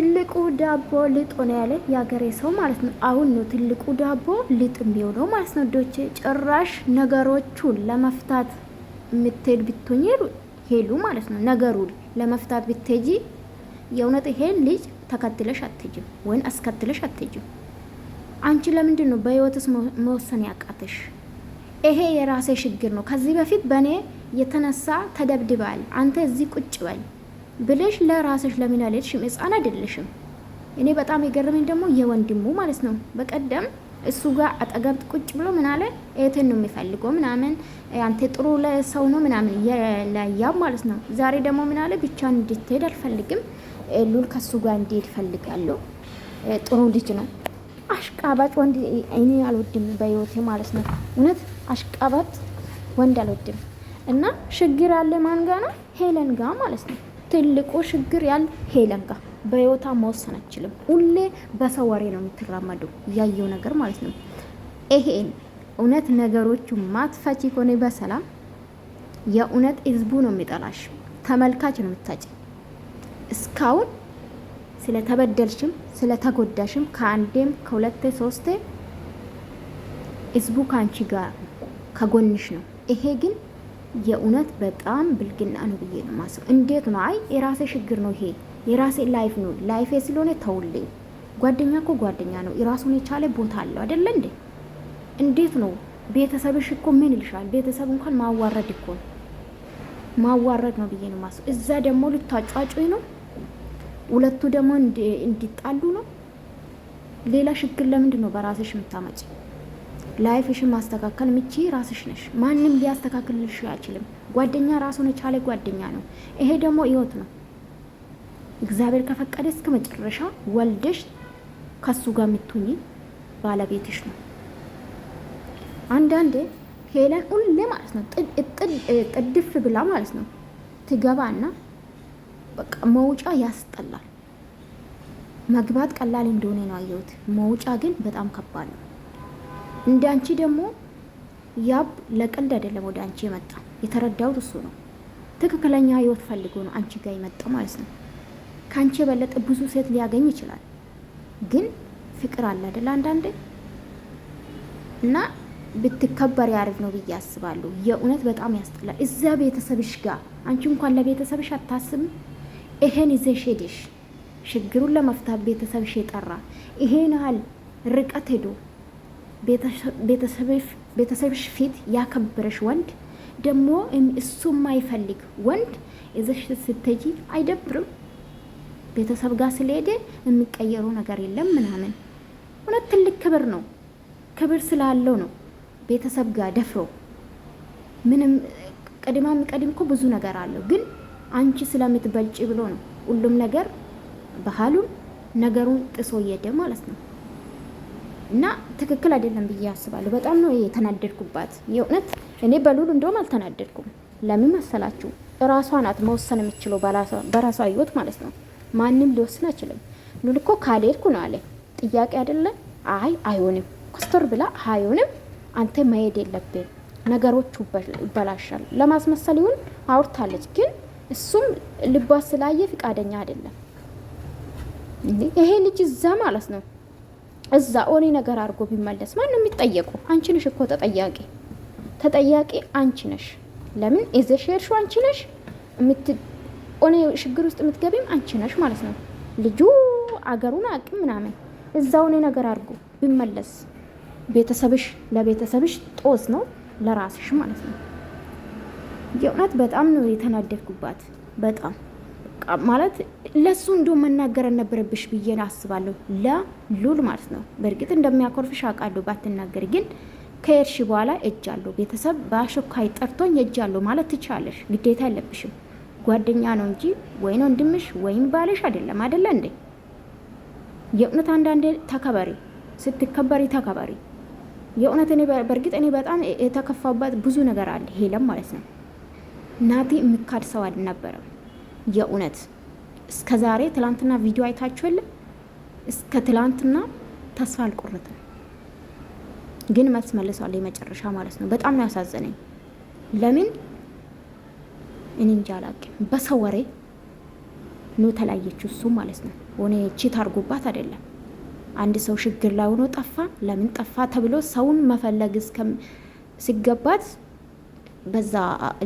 ትልቁ ዳቦ ልጦ ነው ያለ የሀገሬ ሰው ማለት ነው። አሁን ነው ትልቁ ዳቦ ልጥ የሚሆነው ማለት ነው። ዶች ጭራሽ ነገሮቹን ለመፍታት የምትሄድ ብትሆኝ ሄሉ ማለት ነው። ነገሩን ለመፍታት ብትሄጂ የእውነት ይሄን ልጅ ተከትለሽ አትሄጂም ወይም አስከትለሽ አትሄጂም። አንቺ ለምንድን ነው በህይወትስ መወሰን ያቃተሽ? ይሄ የራሴ ችግር ነው። ከዚህ በፊት በእኔ የተነሳ ተደብድባል። አንተ እዚህ ቁጭ በል ብለሽ ለራስሽ ለምን አልሄድሽም? ህፃን አይደለሽም። እኔ በጣም የገረመኝ ደግሞ የወንድሙ ማለት ነው። በቀደም እሱ ጋር አጠገብ ቁጭ ብሎ ምን አለ፣ እህትን ነው የሚፈልገው ምናምን፣ አንተ ጥሩ ለሰው ነው ምናምን ለያም ማለት ነው። ዛሬ ደግሞ ምን አለ፣ ብቻ እንድትሄድ አልፈልግም፣ ሉል ከሱ ጋር እንዲሄድ እፈልጋለሁ። ጥሩ ልጅ ነው። አሽቃባጭ ወንድ እኔ አልወድም በህይወቴ ማለት ነው። እውነት አሽቃባጭ ወንድ አልወድም። እና ችግር ያለ ማን ጋ ነው? ሄለን ጋ ማለት ነው። ትልቁ ችግር ያል ሄለን ጋር በህይወታ መወሰን አችልም። ሁሌ በሰው ወሬ ነው የምትራመደው፣ ያየው ነገር ማለት ነው። ይሄን እውነት ነገሮቹ ማትፈቺ ከሆነ በሰላም የእውነት ህዝቡ ነው የሚጠላሽ፣ ተመልካች ነው የምታጭ። እስካሁን ስለተበደልሽም ስለተጎዳሽም ከአንዴም ከሁለቴ ሶስቴ ህዝቡ ከአንቺ ጋር ከጎንሽ ነው። ይሄ ግን የእውነት በጣም ብልግና ነው ብዬ ነው የማስበው። እንዴት ነው አይ የራሴ ችግር ነው ይሄ የራሴ ላይፍ ነው ላይፌ ስለሆነ ተውልኝ። ጓደኛ እኮ ጓደኛ ነው፣ የራሱን የቻለ ቦታ አለው አይደለ እንዴ? እንዴት ነው ቤተሰብሽ እኮ ምን ይልሻል? ቤተሰብ እንኳን ማዋረድ እኮ ማዋረድ ነው ብዬ ነው የማስበው። እዛ ደግሞ ልታጫጩኝ ነው፣ ሁለቱ ደግሞ እንዲጣሉ ነው። ሌላ ችግር ለምንድን ነው በራሴሽ የምታመጭ? ላይፍሽን ማስተካከል ምቺ ራስሽ ነሽ። ማንም ሊያስተካክልልሽ አይችልም። ጓደኛ ራሱን የቻለ ጓደኛ ነው። ይሄ ደግሞ ህይወት ነው። እግዚአብሔር ከፈቀደ እስከ መጨረሻ ወልደሽ ከሱ ጋር የምትሆኚ ባለቤትሽ ነው። አንዳንዴ ሄለን ሁሌ ማለት ነው ጥድፍ ብላ ማለት ነው ትገባና በቃ መውጫ ያስጠላል። መግባት ቀላል እንደሆነ ነው አየሁት። መውጫ ግን በጣም ከባድ ነው። እንደ አንቺ ደግሞ ያብ ለቀልድ አይደለም ወደ አንቺ የመጣ የተረዳሁት እሱ ነው። ትክክለኛ ህይወት ፈልጎ ነው አንቺ ጋር የመጣው ማለት ነው። ከአንቺ የበለጠ ብዙ ሴት ሊያገኝ ይችላል፣ ግን ፍቅር አለ አይደል አንዳንዴ እና ብትከበር ያሪፍ ነው ብዬ አስባለሁ። የእውነት በጣም ያስጠላል። እዛ ቤተሰብሽ ጋር አንቺ እንኳን ለቤተሰብሽ አታስብም። ይሄን ይዘሽ ሄደሽ ችግሩን ለመፍታት ቤተሰብሽ የጠራ ይሄን ያህል ርቀት ሄዶ ቤተሰብሽ ፊት ያከበረሽ ወንድ ደግሞ እሱ የማይፈልግ ወንድ እዚሽ ስትሄጂ አይደብርም? ቤተሰብ ጋር ስለሄደ የሚቀየሩ ነገር የለም ምናምን። እውነት ትልቅ ክብር ነው። ክብር ስላለው ነው ቤተሰብ ጋር ደፍሮ ምንም ቀድማ የሚቀድም እኮ ብዙ ነገር አለው፣ ግን አንቺ ስለምትበልጭ ብሎ ነው ሁሉም ነገር ባህሉን ነገሩን ጥሶ እየሄደ ማለት ነው። እና ትክክል አይደለም ብዬ አስባለሁ። በጣም ነው የተናደድኩባት የእውነት እኔ በሉሉ እንደውም አልተናደድኩም። ለምን መሰላችሁ? ራሷ ናት መወሰን የምችለው በራሷ ህይወት ማለት ነው። ማንም ሊወስን አይችልም። ሉል እኮ ካልሄድኩ ነው አለ ጥያቄ አይደለም። አይ አይሆንም ኮስተር ብላ አይሆንም፣ አንተ መሄድ የለብን ነገሮቹ ይበላሻል። ለማስመሰል ይሁን አውርታለች፣ ግን እሱም ልቧ ስላየ ፍቃደኛ አይደለም። ይሄ ልጅ እዛ ማለት ነው እዛ ኦኔ ነገር አድርጎ ቢመለስ ማን ነው የሚጠየቀው? አንቺ ነሽ እኮ ተጠያቂ። ተጠያቂ አንቺ ነሽ። ለምን የዘሽ ሄድሽው አንቺ ነሽ። ኦኔ ችግር ውስጥ የምትገቢም አንቺ ነሽ ማለት ነው። ልጁ አገሩን አቅም ምናምን እዛ ኦኔ ነገር አድርጎ ቢመለስ ቤተሰብሽ ለቤተሰብሽ ጦስ ነው፣ ለራስሽ ማለት ነው። የእውነት በጣም ነው የተናደድኩባት በጣም ማለት ለሱ እንዶ መናገር ነበረብሽ ብዬ አስባለሁ። ለሉል ማለት ነው። በእርግጥ እንደሚያኮርፍሽ አውቃለሁ። ባትናገር ግን ከሄድሽ በኋላ እጅ አለሁ ቤተሰብ በአሸኳይ ጠርቶኝ እጅ አለሁ ማለት ትቻለሽ። ግዴታ የለብሽም። ጓደኛ ነው እንጂ ወይን ወንድምሽ ወይም ባልሽ አይደለም። አይደለ እንዴ? የእውነት አንዳንዴ ተከበሪ፣ ስትከበሪ ተከበሪ። የእውነት እኔ በእርግጥ እኔ በጣም የተከፋባት ብዙ ነገር አለ ሄለም ማለት ነው። ናቲ የምካድ ሰው አልነበረም። የእውነት እስከ ዛሬ ትላንትና ቪዲዮ አይታችሁ የለ እስከ ትላንትና ተስፋ አልቆረጥም፣ ግን መልስ መልሷል የመጨረሻ ማለት ነው። በጣም ነው ያሳዘነኝ። ለምን እኔ እንጃ አላውቅም። በሰው ወሬ ነው ተለያየችው እሱ ማለት ነው። ሆነ ቺት አድርጎባት አይደለም። አንድ ሰው ችግር ላይ ሆኖ ጠፋ። ለምን ጠፋ ተብሎ ሰውን መፈለግ ሲገባት በዛ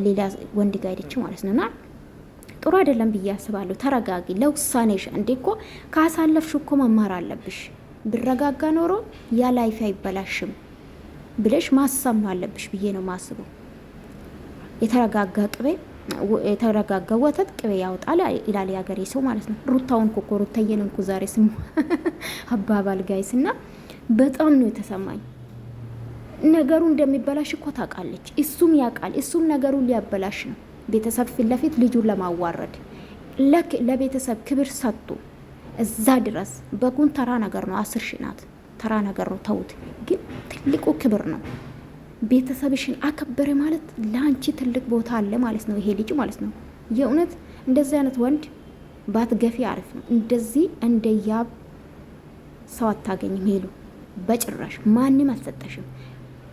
ሌላ ወንድ ጋር ሄደች ማለት ነውና ጥሩ አይደለም ብዬ አስባለሁ። ተረጋጊ። ለውሳኔሽ እንዴ እኮ ካሳለፍሽ እኮ መማር አለብሽ። ብረጋጋ ኖሮ ያ ላይፍ አይበላሽም ብለሽ ማሰብ አለብሽ ብዬ ነው ማስበው። የተረጋጋ ቅቤ የተረጋጋ ወተት ቅቤ ያወጣል ይላል የሀገሬ ሰው ማለት ነው። ሩታውን ኮኮ ሩታዬን እንኩ ዛሬ ስሙ አባባል ጋይስ እና በጣም ነው የተሰማኝ። ነገሩ እንደሚበላሽ እኮ ታውቃለች፣ እሱም ያውቃል፣ እሱም ነገሩን ሊያበላሽ ነው። ቤተሰብ ፊት ለፊት ልጁን ለማዋረድ ለቤተሰብ ክብር ሰጡ። እዛ ድረስ በጉን ተራ ነገር ነው። አስር ሺህ ናት፣ ተራ ነገር ነው። ተውት፣ ግን ትልቁ ክብር ነው። ቤተሰብሽን አከበረ ማለት ለአንቺ ትልቅ ቦታ አለ ማለት ነው። ይሄ ልጅ ማለት ነው። የእውነት እንደዚህ አይነት ወንድ ባትገፊ አሪፍ ነው። እንደዚህ እንደ ያብ ሰው አታገኝም ሄሉ፣ በጭራሽ ማንም አልሰጠሽም።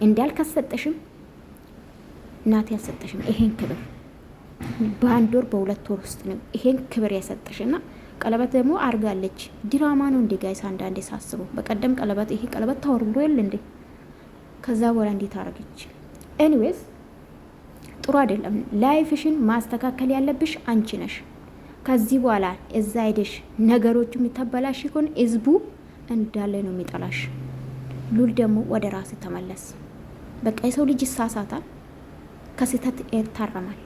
እንዳልክ አልሰጠሽም፣ እናቴ አልሰጠሽም ይሄን ክብር በአንድ ወር በሁለት ወር ውስጥ ነው ይሄን ክብር የሰጠሽና ቀለበት ደግሞ አርጋለች። ድራማ ነው እንዴ ጋይስ? አንዳንዴ በቀደም ቀለበት ይሄ ቀለበት ታወርብሮ የለ እንዴ? ከዛ በኋላ እንዴት አረገች? ኤኒዌይስ ጥሩ አይደለም። ላይፍሽን ማስተካከል ያለብሽ አንቺ ነሽ። ከዚህ በኋላ እዛ ሄደሽ ነገሮቹ የሚታበላሽ ይሆን ህዝቡ እንዳለ ነው የሚጠላሽ። ሉል ደግሞ ወደ ራስ ተመለስ። በቃ የሰው ልጅ ይሳሳታል፣ ከስህተት ይታረማል።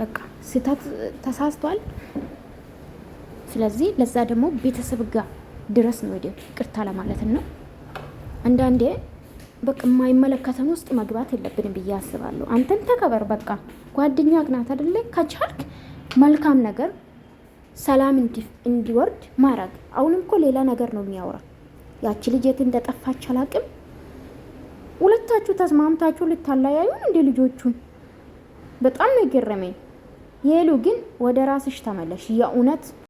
በቃ ስህተት ተሳስቷል። ስለዚህ ለዛ ደግሞ ቤተሰብ ጋር ድረስ ነው ሄደ ቅርታ ለማለትን ነው። አንዳንዴ በቃ የማይመለከተን ውስጥ መግባት የለብንም ብዬ አስባለሁ። አንተን ተከበር። በቃ ጓደኛ ግናት አደለ። ከቻልክ መልካም ነገር ሰላም እንዲወርድ ማድረግ። አሁንም እኮ ሌላ ነገር ነው የሚያወራ። ያቺ ልጅ የት እንደጠፋች አላቅም። ሁለታችሁ ተስማምታችሁ ልታለያዩን እንደ ልጆቹን በጣም ነው የገረመኝ። የሉ ግን ወደ ራስሽ ተመለሽ። የእውነት